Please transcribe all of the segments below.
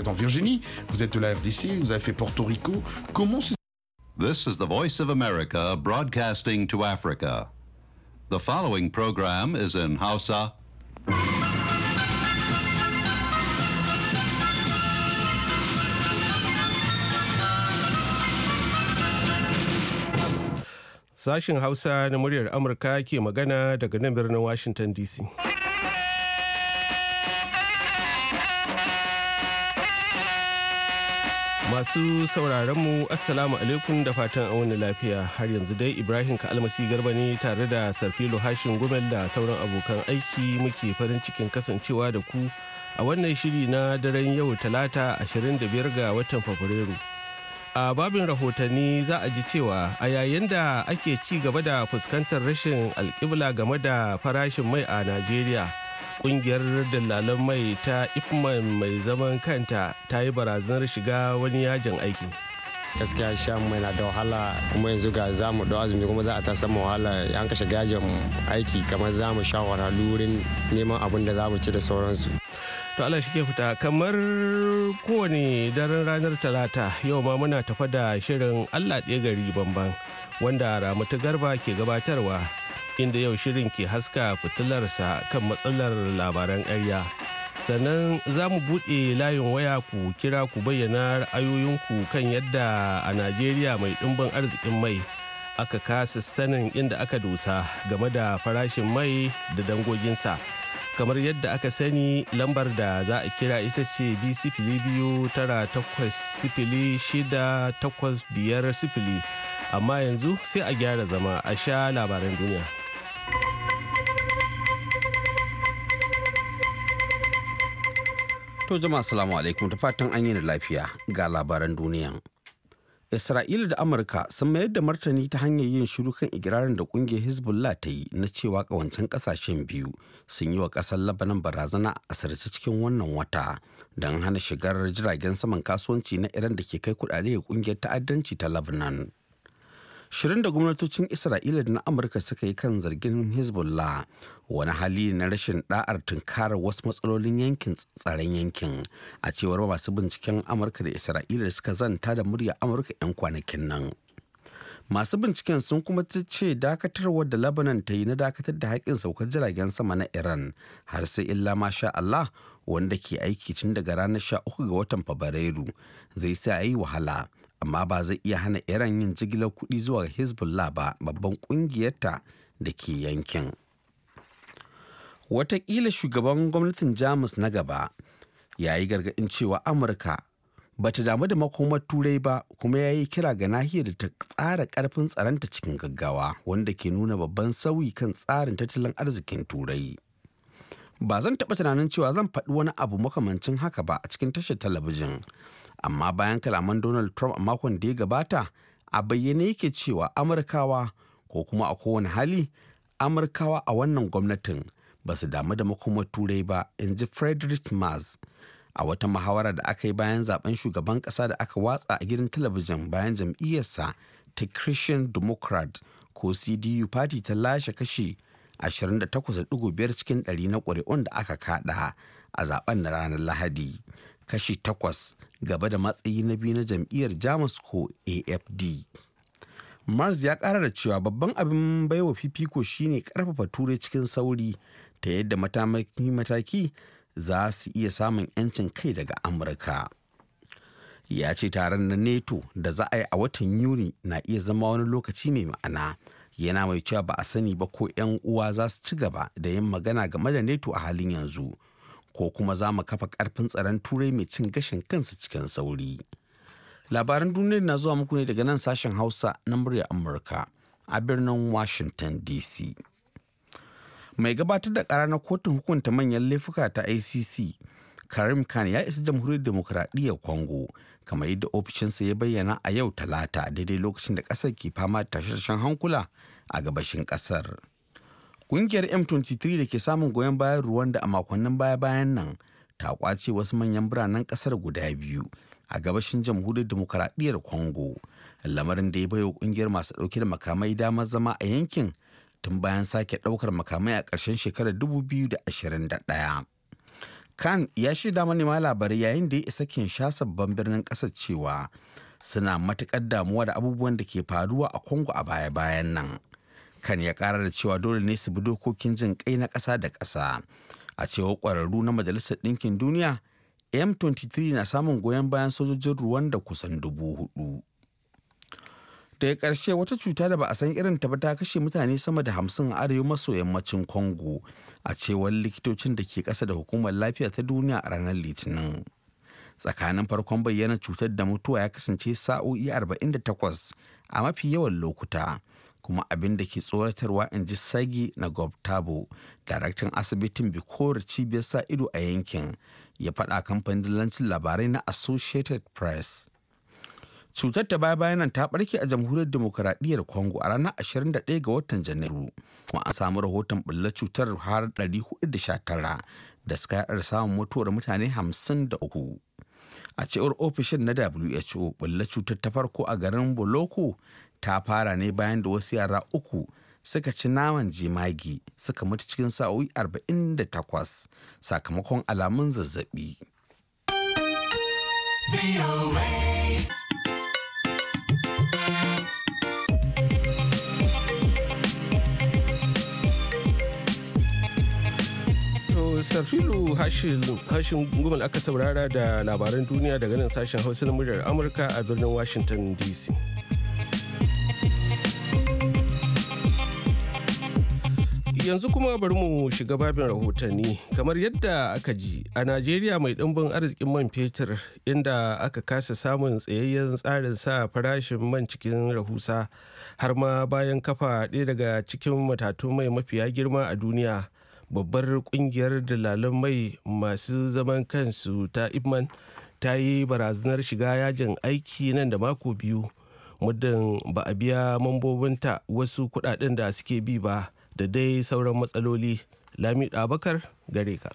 êtes en Virginie, vous êtes de la RDC, vous avez fait Porto Rico. Comment c'est... This is the voice of America broadcasting to Africa. The following program is in Hausa. Sashin Hausa na muryar Amurka ke magana daga nan birnin Washington DC. Masu sauraron mu Assalamu alaikum da fatan a wani lafiya har yanzu dai Ibrahim Ka'almasi Garba ne tare da Sarfilo Hashin Gumel da sauran abokan aiki muke farin cikin kasancewa da ku a wannan shiri na daren yau talata 25 ga watan Fabrairu. A babin rahotanni za a ji cewa a yayin da ake ci gaba da fuskantar rashin alkibla game da farashin mai a Najeriya. kungiyar dalalan mai ta ipman mai zaman kanta ta yi barazanar shiga wani yajin aiki gaskiya shan mai na da wahala kuma yanzu ga za mu da azumi kuma za a ta samu wahala an kashe gajin aiki kamar za mu sha lurin wurin neman abin da za mu ci da sauransu to Allah shi ke fita kamar kowane daren ranar talata yau ma muna tafa da shirin Allah ɗaya gari banban wanda ramatu garba ke gabatarwa inda yau shirin ke haska fitilarsa kan matsalar labaran ƙarya. Sannan za mu buɗe layin waya ku kira ku bayyana ra'ayoyinku kan yadda a Najeriya mai ɗimbin arzikin mai aka kasa sanin inda aka dosa game da farashin mai da dangoginsa. kamar yadda aka sani lambar da za a kira ita ce bi sifili biyu tara takwas sifili shida takwas biyar sifili amma yanzu sai a gyara zama a sha labaran duniya. To jama salamu alaikum da fatan an yi lafiya ga labaran duniya. Isra'ila da Amurka sun mayar da martani ta hanyar yin shiru kan igirarin da kungiyar Hezbollah ta yi na cewa kawancen kasashen biyu sun yi wa kasar Labanan barazana a sarce cikin wannan wata don hana shigar jiragen saman kasuwanci na Iran da ke kai kudade ga kungiyar ta'addanci ta Lebanon. shirin da gwamnatocin isra'ila da na amurka suka yi kan zargin hezbollah wani hali na rashin da'ar tunkarar wasu matsalolin yankin tsaron yankin a cewar masu binciken amurka da isra'ila suka zanta da murya amurka 'yan kwanakin nan masu binciken sun kuma ce dakatarwar da labanan ta yi na dakatar da haƙƙin saukar jiragen sama na iran har sai illa masha allah wanda ke aiki tun daga ranar 13 ga watan fabrairu zai sa yi wahala amma ba zai iya hana iran yin jigilar kuɗi zuwa hezbollah ba babban ƙungiyarta da ke yankin watakila shugaban gwamnatin jamus na gaba ya yi gargaɗin cewa amurka ba ta damu da makomar turai ba kuma ya yi kira ga nahiyar da ta tsara karfin tsaronta cikin gaggawa wanda ke nuna babban sauyi kan tsarin tattalin arzikin turai ba zan taɓa tunanin cewa zan faɗi wani abu makamancin haka ba a cikin tashar talabijin amma bayan kalaman donald trump a makon da ya gabata a bayyane yake cewa amurkawa ko kuma a kowane hali amurkawa a wannan gwamnatin ba su damu da makomar turai ba in ji frederick mars a wata muhawara da aka yi bayan zaben shugaban ƙasa da aka watsa a gidan talabijin bayan jam'iyyarsa ta christian democrat ko cdu party ta lashe kashi 28.5 cikin ɗari na ƙuri'un da aka kaɗa a zaben na ranar Lahadi. Kashi takwas gaba da matsayi na biyu na jam'iyyar Jamus ko AFD. Mars ya ƙara da cewa babban abin baiwa fifiko shine ƙarfafa turai cikin sauri ta yadda mataki za su iya samun 'yancin kai daga Amurka. Ya ce taron na NETO da za a yi a watan Yuni na iya zama wani lokaci mai ma'ana. yana mai cewa ba a sani ba ko 'yan uwa za su ci gaba da yin magana game da neto a halin yanzu ko kuma za mu kafa karfin tsaron turai mai cin gashin kansu cikin sauri labaran duniya na zuwa muku ne daga nan sashen hausa na murya amurka a birnin washington dc mai gabatar da kara na kotun hukunta manyan laifuka ta icc karim khan ya isa jamhuriyar demokuraɗiyyar congo kamar yadda ofishinsa ya bayyana a yau talata daidai lokacin da ƙasar ke fama da tashe-tashen hankula a gabashin kasar kungiyar m23 da ke samun goyon bayan da a makonnin baya-bayan nan ta kwace wasu manyan biranen kasar guda biyu a gabashin jamhuriyar demokaradiyyar Kongo lamarin da ya baiwa kungiyar masu ɗauke da makamai damar zama a yankin tun bayan sake ɗaukar makamai a ƙarshen shekarar 2021 kan ya shaida manema labarai yayin da ya isa kinshasa babban birnin ƙasar cewa suna matuƙar damuwa da abubuwan da ke faruwa a kongo a baya-bayan nan. kan ya kara da cewa dole ne su bi dokokin jin kai na ƙasa da ƙasa a cewar ƙwararru na majalisar ɗinkin duniya m23 na samun goyon bayan sojojin ruwan da kusan dubu hudu daga ƙarshe wata cuta da ba a san irin ta ba ta kashe mutane sama da hamsin a arewa maso yammacin congo a cewar likitocin da ke ƙasa da hukumar lafiya ta duniya a ranar litinin tsakanin farkon bayyana cutar da mutuwa ya kasance sa'o'i 48 a mafi yawan lokuta kuma abin da ke tsoratarwa in ji sagi na gobtabo daraktan asibitin bikowar cibiyar sa ido a yankin ya faɗa kamfanin dillancin labarai na associated press cutar ta baya bayan ta ɓarke a jamhuriyar demokuraɗiyyar congo a ranar 21 ga watan janairu kuma an samu rahoton bullar cutar har 419 da suka yaɗar samun mutuwar mutane 53 a cewar ofishin na who bullar cutar ta farko a garin boloko ta fara ne bayan da wasu yara uku suka ci naman jemagi suka mutu cikin sa'o'i 48 sakamakon alamun zazzabi. safilu hashin gumal aka saurara da labaran duniya daga nan sashen hausa na muryar amurka a birnin washington dc yanzu kuma bari mu shiga babin rahotanni kamar yadda aka ji a najeriya mai ɗimbin arzikin man fetur inda aka kasa samun tsayayyen tsarin sa farashin man cikin rahusa har ma bayan kafa ɗaya daga cikin matatu mai mafiya girma a duniya babbar kungiyar dalalan mai masu zaman kansu ta ibman ta yi barazanar shiga yajin aiki nan da mako biyu muddin ba a biya mambobinta wasu kuɗaɗen da suke bi ba da dai sauran matsaloli lami abakar gare ka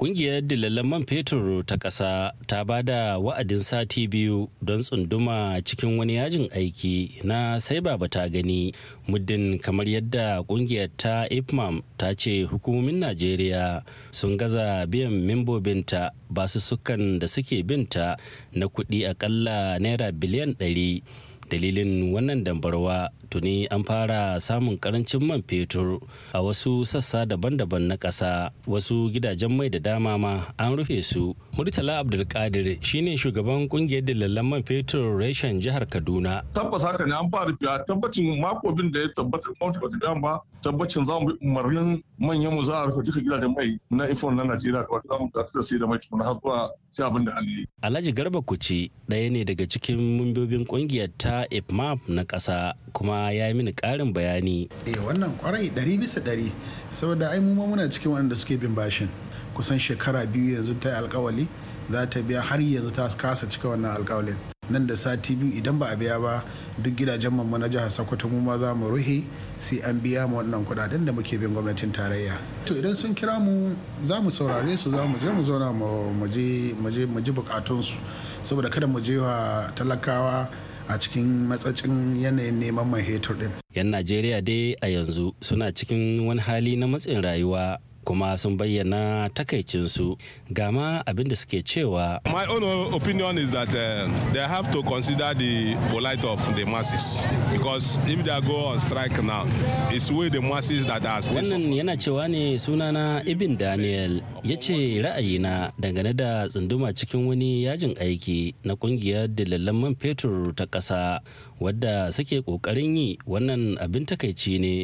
Ƙungiyar dilallan man fetur ta ƙasa ta ba da wa'adin sati biyu don tsunduma cikin wani yajin aiki na sai ba ta gani muddin kamar yadda ƙungiyar ta ipmam ta ce hukumomin najeriya sun gaza biyan membobinta basu sukan da suke binta na kuɗi akalla naira biliyan ɗari. dalilin wannan dambarwa tuni an fara samun karancin man fetur a wasu sassa daban-daban na ƙasa wasu gidajen mai da dama ma an rufe su murtala abdulkadir shine shugaban kungiyar dillallan man fetur reshen jihar kaduna tabbas haka ne an fara fiya tabbacin mako bin da ya tabbata gwamnati bata dama ba tabbacin za mu umarnin manyan mu za a rufe duka gidajen mai na ifon na najeriya da wata za mu da sai da mai tukuna har zuwa sai da Alhaji Garba Kuci ɗaya ne daga cikin mumbobin ƙungiyar ta IPMAP na ƙasa kuma ya yi mini ƙarin bayani. Eh wannan kwarai ɗari bisa ɗari saboda ai mu muna cikin waɗanda suke bin bashin kusan shekara biyu yanzu ta yi alkawali za ta biya har yanzu ta kasa cika wannan alkawalin nan da sati biyu idan ba a biya ba duk gidajen mu na jihar sokoto mu ma za mu ruhe sai an biya mu wannan kudaden da muke bin gwamnatin tarayya to idan sun kira mu za mu saurare su za mu je mu zauna mu ji bukatunsu saboda kada mu je wa talakawa a cikin matsacin yanayin neman mai hetur din. 'Yan Najeriya dai a yanzu suna cikin wani hali na matsin rayuwa kuma sun bayyana takaicinsu ga ma abin da suke cewa my own opinion is that uh, they have to consider the polite of the masses because if they go on strike now it's way the masses that are still wannan yana cewa ne sunana ibn daniel ya ce ra'ayina dangane da tsunduma cikin wani yajin aiki na kungiyar dalilan man fetur ta ƙasa wadda suke kokarin yi wannan abin takaici ne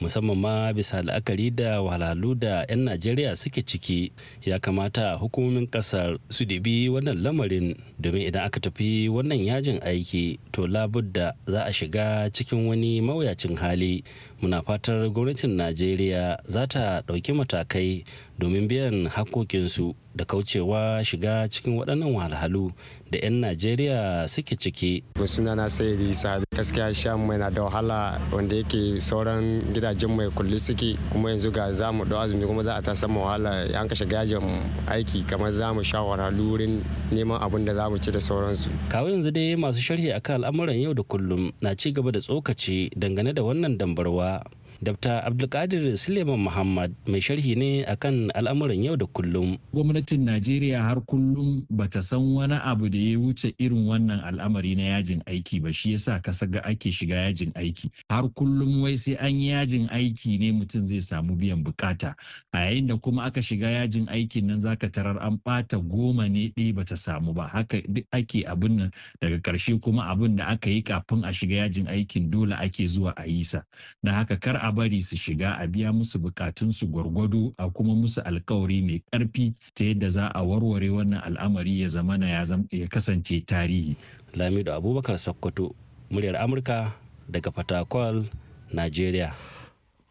musamman ma bisa la'akari da wahalhalu da 'yan najeriya suke ciki ya kamata hukumomin kasar su dibi wannan lamarin domin idan aka tafi wannan yajin aiki to labudda za a shiga cikin wani mawuyacin hali muna fatar gwamnatin najeriya za ta ɗauki matakai domin biyan hakokinsu da kaucewa shiga cikin waɗannan wahalhalu da 'yan najeriya suke ciki suna na sai risa gaskiya sham mai na da wahala wanda yake sauran gidajen mai kulli suke kuma yanzu ga za mu da azumi kuma za a ta samu wahala an kashe gajin aiki kamar za mu sha wahalhalu wurin neman abin da za mu ci da sauransu kawo yanzu dai masu sharhi akan al'amuran yau da kullum na ci gaba da tsokaci dangane da wannan dambarwa Wala. Dr. Abdulkadir Suleiman Muhammad mai sharhi ne akan al'amuran yau da kullum. Gwamnatin Najeriya har kullum bata san wani abu da ya wuce irin wannan al'amari na yajin aiki ba shi yasa ka ga ake shiga yajin aiki. Har kullum wai sai an yi yajin aiki ne mutum zai samu biyan bukata. A yayin da kuma aka shiga yajin aikin nan zaka tarar an bata goma ne ɗaya bata samu ba. Haka duk ake abin nan daga ƙarshe kuma abin da aka yi kafin a shiga yajin aikin dole ake zuwa a yi sa. Na haka kar a a bari su shiga a biya musu bukatun su gwargwado a kuma musu alkawari mai karfi ta yadda za a warware wannan al'amari ya na ya kasance tarihi. Lamido Abubakar Sokoto, muryar Amurka daga Fatakwal, Najeriya.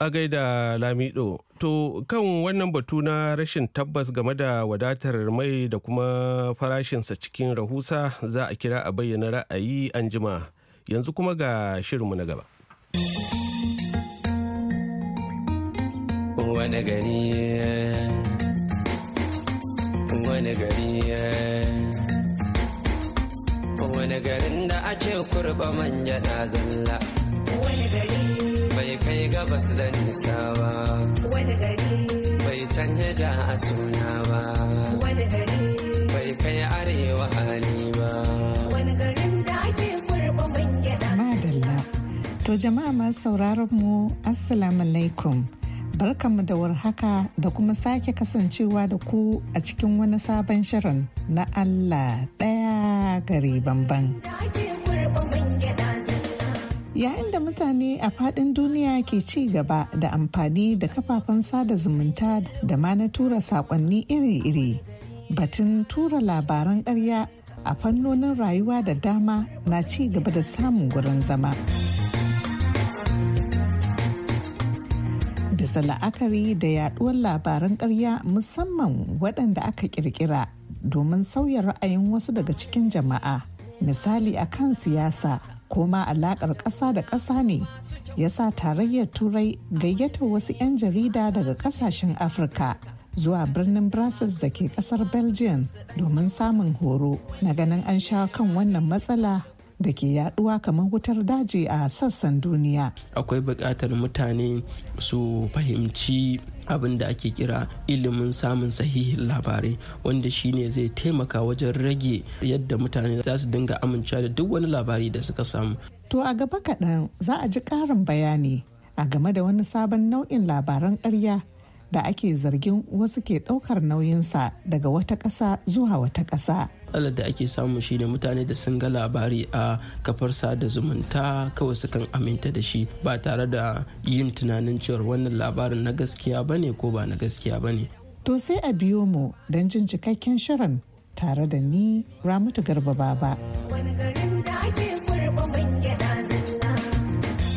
A gaida Lamido, to kan wannan batu na rashin tabbas game da wadatar mai da kuma farashinsa cikin rahusa za a kira a bayyana ra'ayi anjima. Yanzu kuma ga shirinmu na gaba. wani gari wani gari wani garin da ake kurba manja na zalla wani gari bai kai gabas da nisa ba wani gari bai canja ja a suna ba wani gari bai kai arewa hali ba wani garin da ake kurba manja na zalla to jama'a masu sauraron mu assalamu alaikum Barkanmu da warhaka da kuma sake kasancewa da ku a cikin wani sabon shirin na Allah ɗaya gari bamban. Yayin da mutane a faɗin duniya ke ci gaba da amfani da kafafen sada zumunta da ma na tura saƙonni iri-iri, batun tura labaran ƙarya a fannonin rayuwa da dama na ci gaba da samun gurin zama. bisa la'akari da yaduwar labaran ƙarya musamman waɗanda aka ƙirƙira domin sauya ra'ayin wasu daga cikin jama'a misali a kan siyasa ko ma alaƙar ƙasa da ƙasa ne ya sa tarayyar turai gayyata wasu 'yan jarida daga ƙasashen afirka zuwa birnin brussels da ke ƙasar belgium domin samun horo na ganin an sha kan wannan matsala da ke yaduwa kamar wutar daji a sassan duniya akwai buƙatar mutane su fahimci abin da ake kira ilimin samun sahihin labarai wanda shine zai taimaka wajen rage yadda mutane za su dinga amincewa da duk wani labari da suka samu to a gaba kaɗan za a ji ƙarin bayani a game da wani sabon nau'in labaran karya da ake zargin wasu ke ɗaukar nauyinsa daga wata ƙasa zuwa wata ƙasa. matsalar da ake samu shi ne mutane da sun ga labari a kafar sada zumunta kawai sukan aminta da shi ba tare da yin tunanin cewar wannan labarin na gaskiya ba ne ko ba na gaskiya ba ne. To sai a biyo mu don jin cikakken shirin tare da ni Ramatu Garba Baba.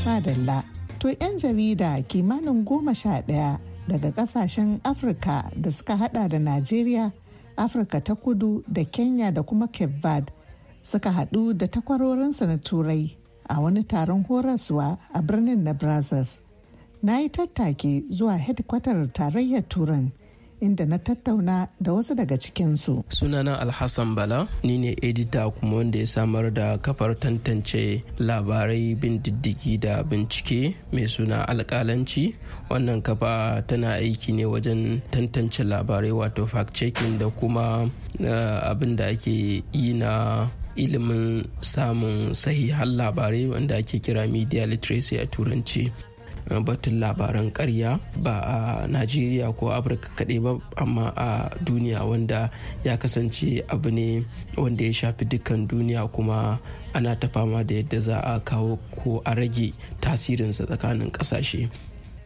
Madalla, to 'yan jarida kimanin goma sha daya daga kasashen Afirka da suka hada da Najeriya afirka ta kudu da kenya da kuma cape verde suka haɗu da takwarorinsa na turai a wani taron horaswa a birnin na brazos na yi tattaki zuwa hedkwatar tarayyar turan inda na tattauna da wasu daga cikinsu. Sunana Alhassan Bala, ni ne edita kuma wanda ya samar da kafar tantance labarai bin diddigi da bincike mai suna alkalanci. Wannan kafa tana aiki ne wajen tantance labarai wato fact-checking da kuma eh, abin da ake yi na ilimin samun sahihan labarai wanda ake kira media literacy a turanci batun labaran karya ba a najeriya ko afirka kaɗai ba amma a duniya wanda ya kasance abu ne wanda ya shafi dukkan duniya kuma ana ta fama da yadda za a kawo ko a rage tasirinsa tsakanin ƙasashe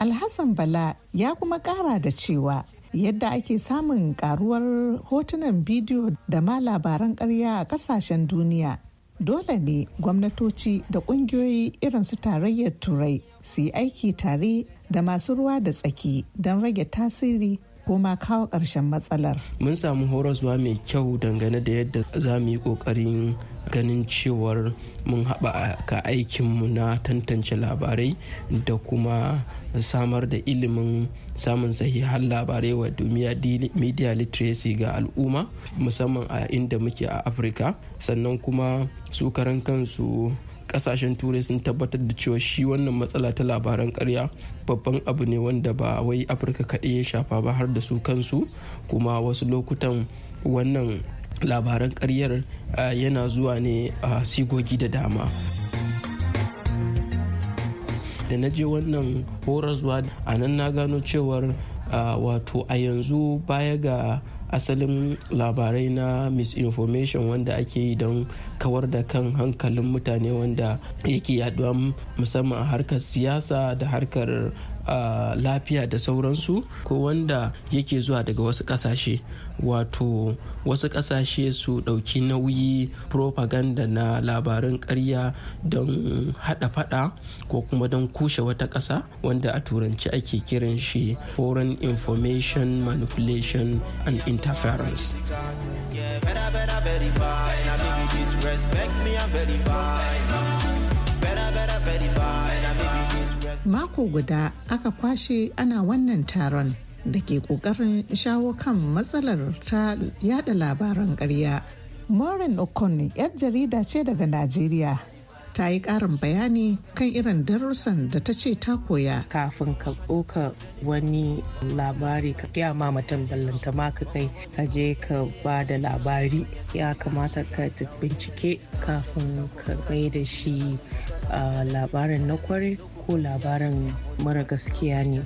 alhassan bala ya kuma ƙara da cewa yadda ake samun karuwar hotunan bidiyo da ma labaran karya a kasashen duniya dole ne gwamnatoci da kungiyoyi irin su tarayyar turai su yi aiki tare da masu ruwa da tsaki don rage tasiri ko kawo ƙarshen matsalar. Mun samu horaswa mai kyau dangane da yadda za mu yi ƙoƙarin ganin cewar mun haɓa haɓaka aikinmu na tantance labarai da kuma samar da ilimin samun sahihan labarai wa duniya media literacy ga al'umma musamman a inda muke a afirka sannan kuma su karan kansu kasashen turai sun tabbatar da cewa shi wannan matsala ta labaran karya babban abu ne wanda ba wai afirka kaɗai ya shafa ba har da su kansu kuma wasu lokutan wannan labaran karyar yana zuwa ne a sigogi da dama da na je wannan horar zuwa a nan na gano cewar wato a yanzu baya ga asalin labarai na misinformation wanda ake yi don kawar da kan hankalin mutane wanda yake yaduwa musamman a harkar siyasa da harkar a lafiya da sauransu ko wanda yake zuwa daga wasu kasashe wato wasu kasashe su ɗauki nauyi propaganda na labarin karya don haɗa faɗa ko kuma don kushe wata ƙasa wanda a turanci ake kiran shi foreign information manipulation and interference yeah, better, better, mako guda aka kwashe ana wannan taron da ke kokarin shawo kan matsalar ta yada labaran karya. Maureen Okon 'yar jarida ce daga Najeriya ta yi ƙarin bayani kan irin darussan da ta ce ta koya. Kafin ka ɗauka wani labari ka gaya ma mutum ballanta ma ka kai ka je ka ba da labari ya kamata ka bincike kafin ka kai da shi ah, labarin na kware ko labarin mara gaskiya ne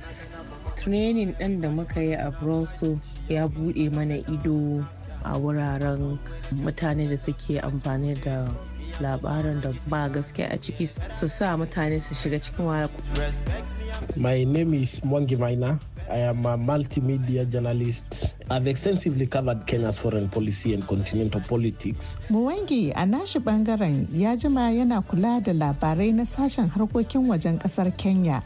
training ɗin da muka yi a bronso ya buɗe mana ido a wuraren mutane da suke amfani da labaran da ba a ciki su sa mutane su shiga cikin wahala. My name is Mwangi Maina. I am a multimedia journalist. I've extensively covered Kenya's foreign policy and continental politics. Mwangi a nashi bangaren ya jima yana kula da labarai na sashen harkokin wajen kasar Kenya.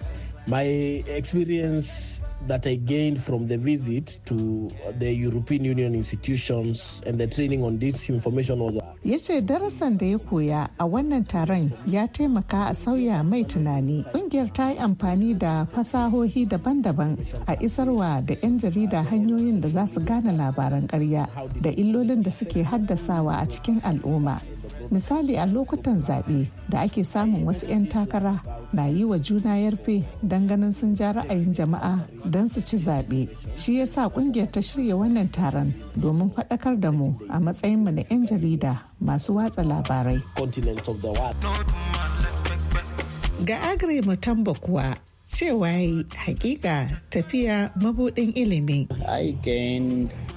My experience that I gained from the visit to the European Union institutions and the training on disinformation was ya ce darasan da ya koya a wannan taron ya taimaka a sauya mai tunani ƙungiyar ta yi amfani da fasahohi daban-daban a isarwa da 'yan jarida hanyoyin da za su gane labaran karya da illolin da suke haddasawa a cikin al'umma misali a lokutan zaɓe da ake samun wasu 'yan takara na yi wa juna yarfe don ganin sun ja ra'ayin jama'a don su ci zaɓe shi ya sa ƙungiyar ta shirya wannan taron domin faɗakar da mu a matsayinmu na 'yan jarida masu watsa labarai ga agri mutambo kuwa cewa yi hakika tafiya mabudin ilimi.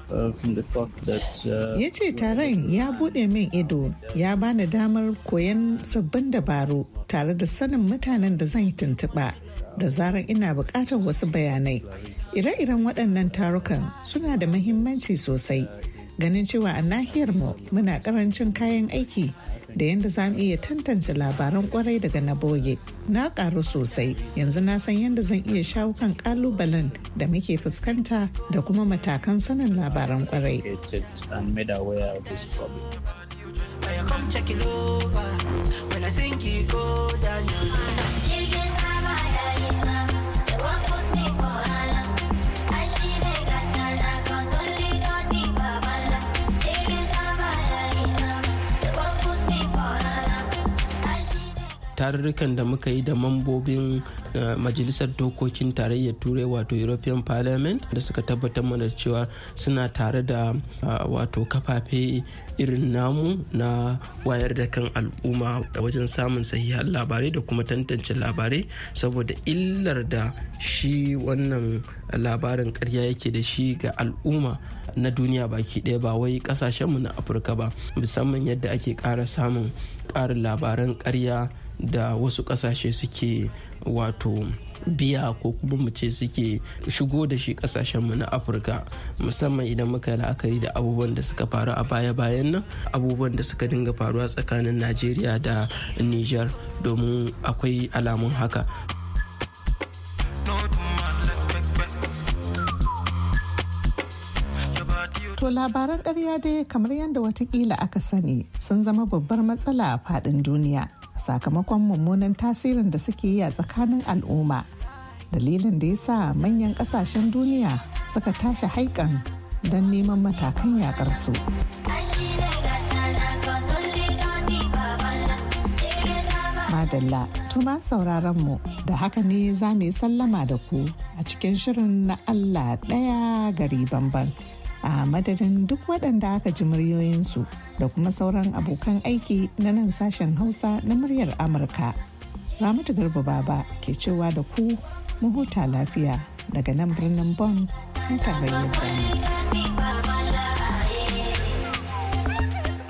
Uh, uh, ya ce taron ya bude min ido ya bani damar koyon sabbin dabaru tare da sanin mutanen da zan yi tuntuɓa da zarar ina buƙatar wasu bayanai. Ire-iren waɗannan tarukan suna da mahimmanci sosai. ganin cewa a nahiyar mu muna karancin kayan aiki da yadda za mu iya tantance labaran kwarai daga na boye na karu sosai yanzu na san yadda zan iya shawo kan kalubalen da muke fuskanta da kuma matakan sanin labaran kwarai When tarurrukan da muka yi da mambobin eh, majalisar dokokin tarayyar turai wato european parliament da suka tabbatar mana cewa suna tare da eh, wato kafafe irin namu na wayar da kan al'umma da wajen samun sahihan labarai da kuma tantance labarai saboda illar da shi wannan labarin karya yake da shi ga al'umma na duniya baki ɗaya ba wai kasashenmu na afirka ba musamman yadda ake kara samun ƙarin labaran karya. da wasu kasashe suke wato biya ko kuma mu ce suke shigo da shi mu na afirka musamman idan muka yi la'akari da abubuwan da suka faru a baya-bayan nan abubuwan da suka dinga faruwa tsakanin najeriya da niger domin akwai alamun haka To labaran ƙarya dai kamar yadda watakila aka sani sun zama babbar matsala a faɗin duniya. sakamakon mummunan tasirin da suke yi a tsakanin al'umma dalilin da ya sa manyan kasashen duniya suka tashi haikan don neman matakan yakar su. Madalla, tuma sauraron mu da haka ne za mu yi sallama da ku a cikin shirin na Allah daya gari bamban. a madadin duk waɗanda aka ji muryoyinsu da kuma sauran abokan aiki na nan sashen hausa na muryar amurka ramatu garba baba ke cewa da ku mu huta lafiya daga nan birnin bon na tarayyar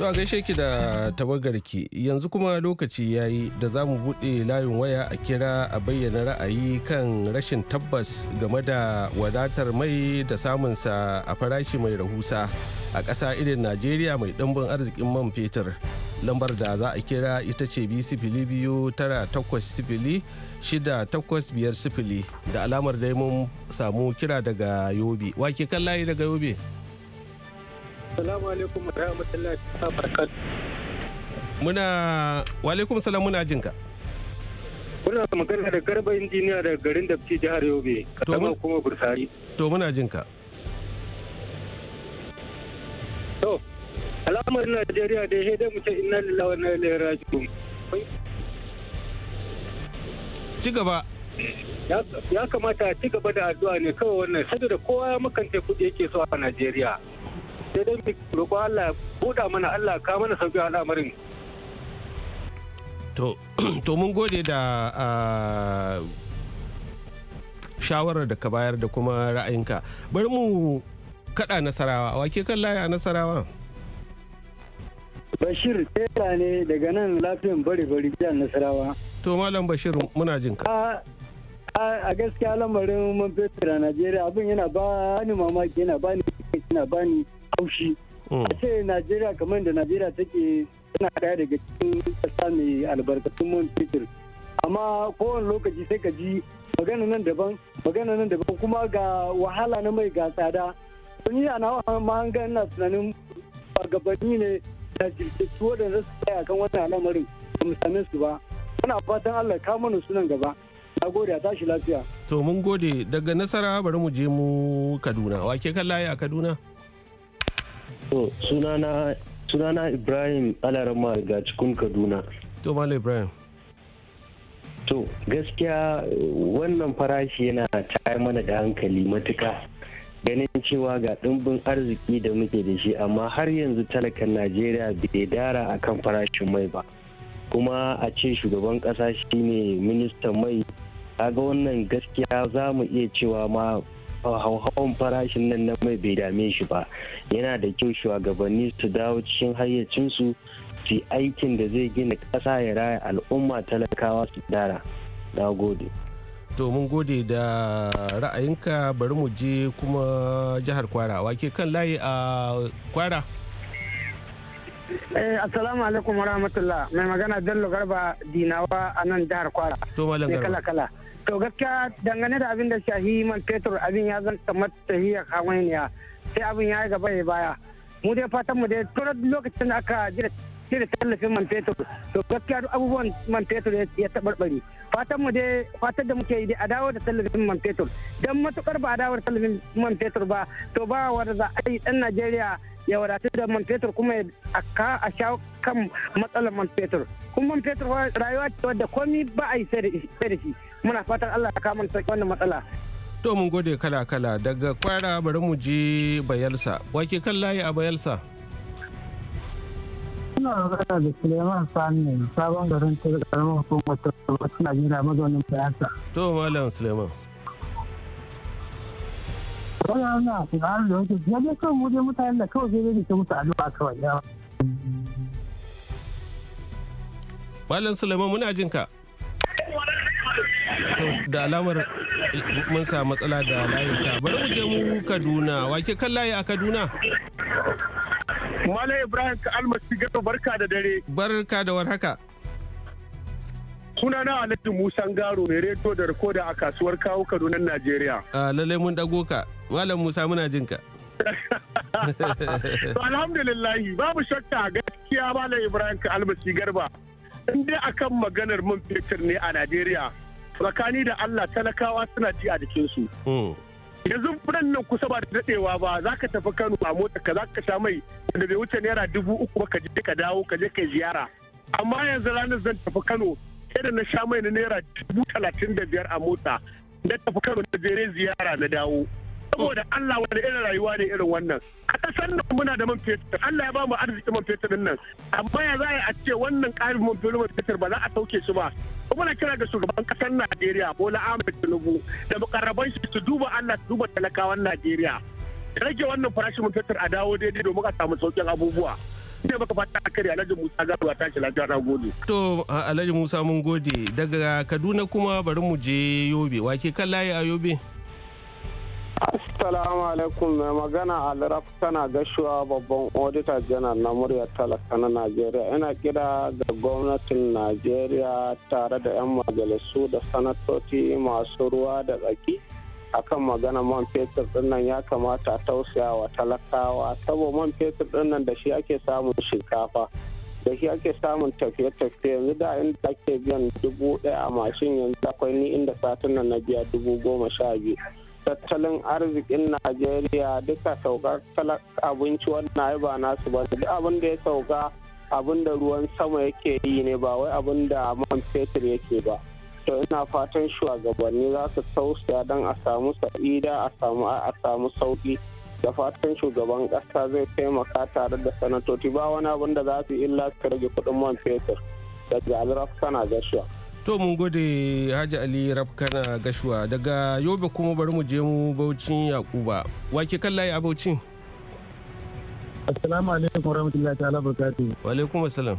a gaishe ki da tawagarki yanzu kuma lokaci ya yi da za mu buɗe layin waya a kira a bayyana ra'ayi kan rashin tabbas game da wadatar mai da samunsa a farashi mai rahusa a ƙasa irin Najeriya mai ɗumbin arzikin man fetur. Lambar da za a kira ita ce biyu sifili biyu tara takwas sifili shida takwas biyar sifili da alamar dai mun samu kira daga Yobe. Wake kan layi daga Yobe? Assalamu alaikum wa rahmatullahi wa barakatuh. Muna wa alaikum salam muna jinka. Muna magana da garba injiniya da garin Dabci jihar Yobe, katamar kuma Bursari. To muna jinka. To, alamar Najeriya da ya dai mu ce lalawa na wa inna Ci gaba. Ya kamata a ci gaba da addu'a ne kawai wannan saboda kowa ya makance kudi yake so a Najeriya. sai dai mu roƙon Allah buɗa mana Allah ka mana sauƙi al'amarin to to mun gode da shawarar da ka bayar da kuma ra'ayinka bari mu kaɗa nasarawa wa ke kan laya nasarawa bashir tera ne daga nan lafiyan bare-bare jihar nasarawa to malam bashir muna jin ka a gaskiya lamarin man fetur a najeriya abin yana ba ni mamaki yana ba ni yana ba ni haushi mm. a ce najeriya kamar da najeriya take tana daya daga cikin kasa mai albarkatun man fetur amma kowane lokaci sai ka ji magana nan daban magana nan daban kuma ga wahala na mai ga tsada tuni a na mahanga ina tunanin gabani ne da jirgin waɗanda su tsaya kan wannan al'amarin ba mu same su ba ana fatan allah ka mana sunan gaba na gode a tashi lafiya to mun gode daga nasara bari mu je mu kaduna ke kan layi a kaduna To sunana sunana Ibrahim Alarama ga cikin Kaduna. To Ibrahim. To gaskiya wannan farashi yana tayar mana da hankali matuka ganin cewa ga ɗimbin arziki da muke da shi amma har yanzu talakan Najeriya bai dara akan farashin mai ba. Kuma a ce shugaban ƙasa shine ministan mai kaga wannan gaskiya za mu iya cewa ma hauhawan farashin nan na mai bai dame shi ba yana da kyau shugabanni su dawo cikin hayyacinsu su aikin da zai gina ƙasa ya raya al'umma talakawa su dara na gode to mun gode da ra'ayinka bari mu je kuma jihar kwara wake kan layi a kwara Eh, assalamu alaikum warahmatullah mai magana bello garba dinawa a nan jihar kwara to malam kala kala to gaskiya dangane da abin da shahi man fetur abin ya zan kamar tahiyar hawainiya sai abin ya yi gaba ya baya mu dai fatan mu dai tun lokacin da aka jira tallafin man fetur to gaskiya duk abubuwan man fetur ya tabarbare fatan mu dai fatan da muke yi dai a dawo da tallafin man fetur dan matukar ba a dawo da tallafin man fetur ba to ba wanda za a yi dan Najeriya ya wadatu da man fetur kuma a shawo kan matsalar man fetur kuma man fetur rayuwa ce wadda komi ba a yi sai da shi muna fatan Allah ya kama sauki wannan matsala to mun gode kala kala daga kwara bari mu je bayelsa wake kan layi a bayelsa ina magana da suleiman sani sabon garin karamar hukumar ta wasu jira mazaunin bayelsa to malam suleiman wannan na tunanin da wake ya je kan wuri mutane da kawai zai rike musu addu'a kawai yawa. Malam Suleiman muna jin ka. da alamar mun sa matsala da layin ta bari mu je mu kaduna wake kan layi a kaduna Malam Ibrahim ka Almasi Gado barka da dare. Barka da warhaka. Sunana Alhaji Musa Ngaro mai reto da rikoda a kasuwar kawo Kaduna Najeriya. Lallai mun dago ka. Malam Musa muna jin ka. Alhamdulillah, babu shakka gaskiya Malam Ibrahim ka Almasi Garba. In dai akan maganar mun fetur ne a Najeriya. tsakani da Allah talakawa suna ji a jikinsu. Oh. yanzu furen nan kusa ba da daɗewa ba za ka tafi Kano a mota ka za ka sha mai da bai wuce naira dubu uku ba ka je ka dawo ka je ka ziyara amma yanzu ranar zan tafi Kano sai da na sha mai na naira dubu talatin da biyar a mota na tafi Kano na ziyara na dawo. saboda Allah wani irin rayuwa ne irin wannan a ƙasar nan muna da man fetur Allah ya bamu arziki man fetur nan amma ya za a ce wannan ƙarin man fetur man fetur ba za a sauke shi ba kuma na kira ga shugaban ƙasar Najeriya Bola Ahmed Tinubu da mukarraban shi su duba Allah su duba talakawan Najeriya da rage wannan farashin man fetur a dawo daidai domin a samu sauƙin abubuwa ne Alhaji Musa gode. To Alhaji Musa mun gode daga Kaduna kuma bari mu je Yobe wake kan layi a Yobe. Assalamu alaikum mai magana Alraf tana gashuwa babban odita janar na murya talaka na Najeriya. Ina kira ga gwamnatin Najeriya tare da 'yan majalisu da sanatoci masu ruwa da tsaki. akan magana man fetur dinnan ya kamata a tausaya wa talakawa saboda man fetur dinnan da shi ake samun shinkafa da shi ake samun tafiye-tafiye yanzu da inda ake biyan dubu daya a mashin yanzu akwai ni inda satin na biya dubu goma sha biyu tattalin arzikin najeriya duka saukar abinci wannan ai ba nasu ba duk abin da ya sauka abin da ruwan sama yake yi ne ba wai abin da man fetur yake ba to ina fatan shugabanni za su tausaya don a samu sa'ida a samu sauki da fatan shugaban ƙasa zai taimaka tare da sanatoci ba wani abin da za su illa su rage kuɗin man fetur daga alraf kana gashuwa to mun gode haji ali rafkana gashuwa daga yobe kuma bari mu je mu baucin yakuba wake kan layi a baucin assalamu alaikum warahmatullahi ta'ala barkatu wa alaikum assalam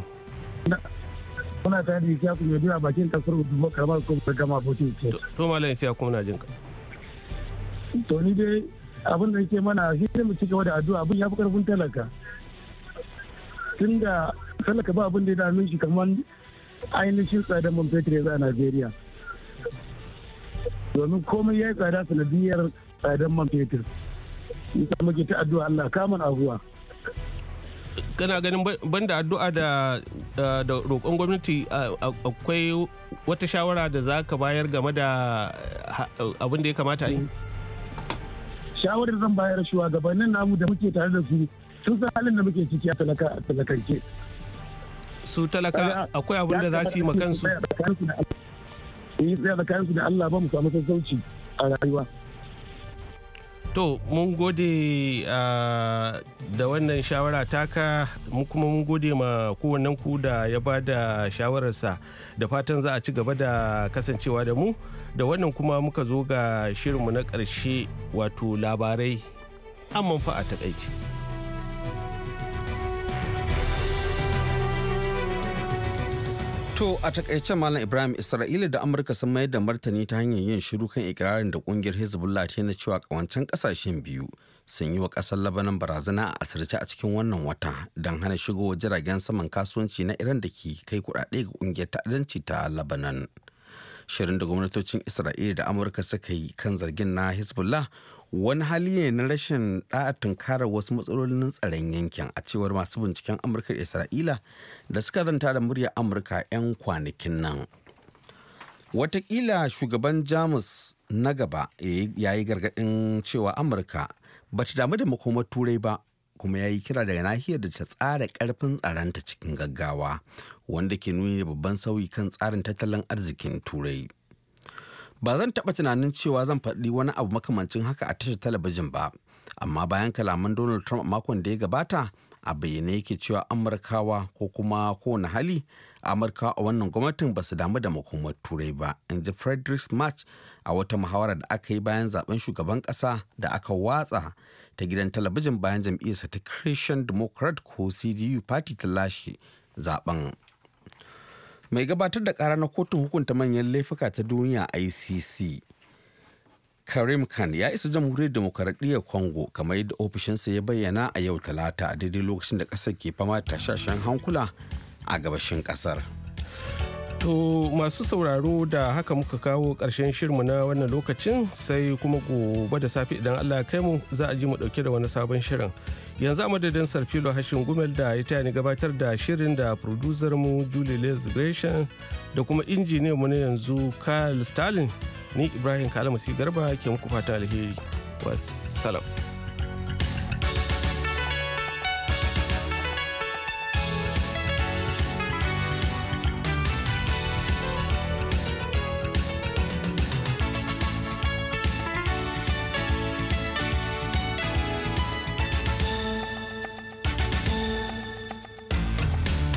kuna tare da isiyaku mai biya bakin kasar dubu karamar kuma gama baucin ce to malam isiyaku muna jinka to ni dai abin da yake mana shi ne mu cika wada addu'a abin ya fi karfin talaka tunda talaka ba abin da ya dame shi kamar ainihin tsadar man fetur yanzu a Najeriya. Domin komai ya yi tsada sanadiyar tsadar man fetur. Ita muke ta addu'a Allah kaman abuwa. kana ganin banda addu'a da da roƙon gwamnati akwai wata shawara da za ka bayar game da abin da ya kamata yi shawarar zan bayar shugabannin namu da muke tare da su sun san halin da muke ciki a talakance su talaka akwai abin da za su yi ma kansu yi tsaya da kayansu da Allah ba mu samu sassauci a rayuwa to mun gode ah, da wannan shawara taka mu kuma mun gode ma kowannen ku da ya ba da shawararsa da fatan za a ci gaba da kasancewa da mu da wannan kuma muka zo ga shirinmu na ƙarshe wato labarai amma fa a takaici. To a takaice Malam Ibrahim Isra'ila da Amurka sun mayar da martani ta hanyar yin shiru kan ikirarin da kungiyar Hezbollah ta na cewa kawancen kasashen biyu sun yi wa kasar Labanan barazana a asirce a cikin wannan wata don hana shigowa jiragen saman kasuwanci na Iran da ke kai kuɗaɗe ga kungiyar ta'addanci ta Labanan. Shirin da gwamnatocin Isra'ila da Amurka suka yi kan zargin na Hezbollah wani hali ne na rashin da'a tunkarar wasu matsalolin tsaron yankin a cewar masu binciken amurka isra'ila da suka zanta da murya amurka 'yan kwanakin nan watakila shugaban jamus na gaba ya yi gargadin cewa amurka ba ta damu da makomar turai ba kuma ya yi kira daga nahiyar da ta tsara karfin tsaranta cikin gaggawa wanda ke nuni da babban sauyi kan tsarin tattalin arzikin turai ba zan taɓa tunanin cewa zan faɗi wani abu makamancin haka a tashar talabijin ba amma bayan kalaman donald trump a makon da ya gabata a bayyane yake cewa amurkawa ko kuma kowane hali amurkawa a wannan gwamnatin ba su damu da makomar turai ba in ji frederick march a wata muhawara da aka yi bayan zaben shugaban kasa da aka watsa ta gidan talabijin bayan jam'iyyarsa ta christian democrat ko cdu party ta lashe zaben mai gabatar da kara na kotun hukunta manyan laifuka ta duniya icc karim khan ya isa jamhuriyar demokaradiyyar congo kamar yadda ofishinsa ya bayyana a yau talata a daidai lokacin da kasar ke fama da tashashen hankula a gabashin kasar To masu sauraro da haka muka kawo ƙarshen shirmu na wannan lokacin sai kuma gobe da safe idan Allah ya kai mu za a ji mu ɗauke da wani sabon shirin. yanzu a madadin sarfilo hashin gumel da ya ni gabatar da shirin da producer mu julie lesgration da kuma injiniya mu na yanzu kyle stalin ni ibrahim kalamasi garba ke muku fata alheri salam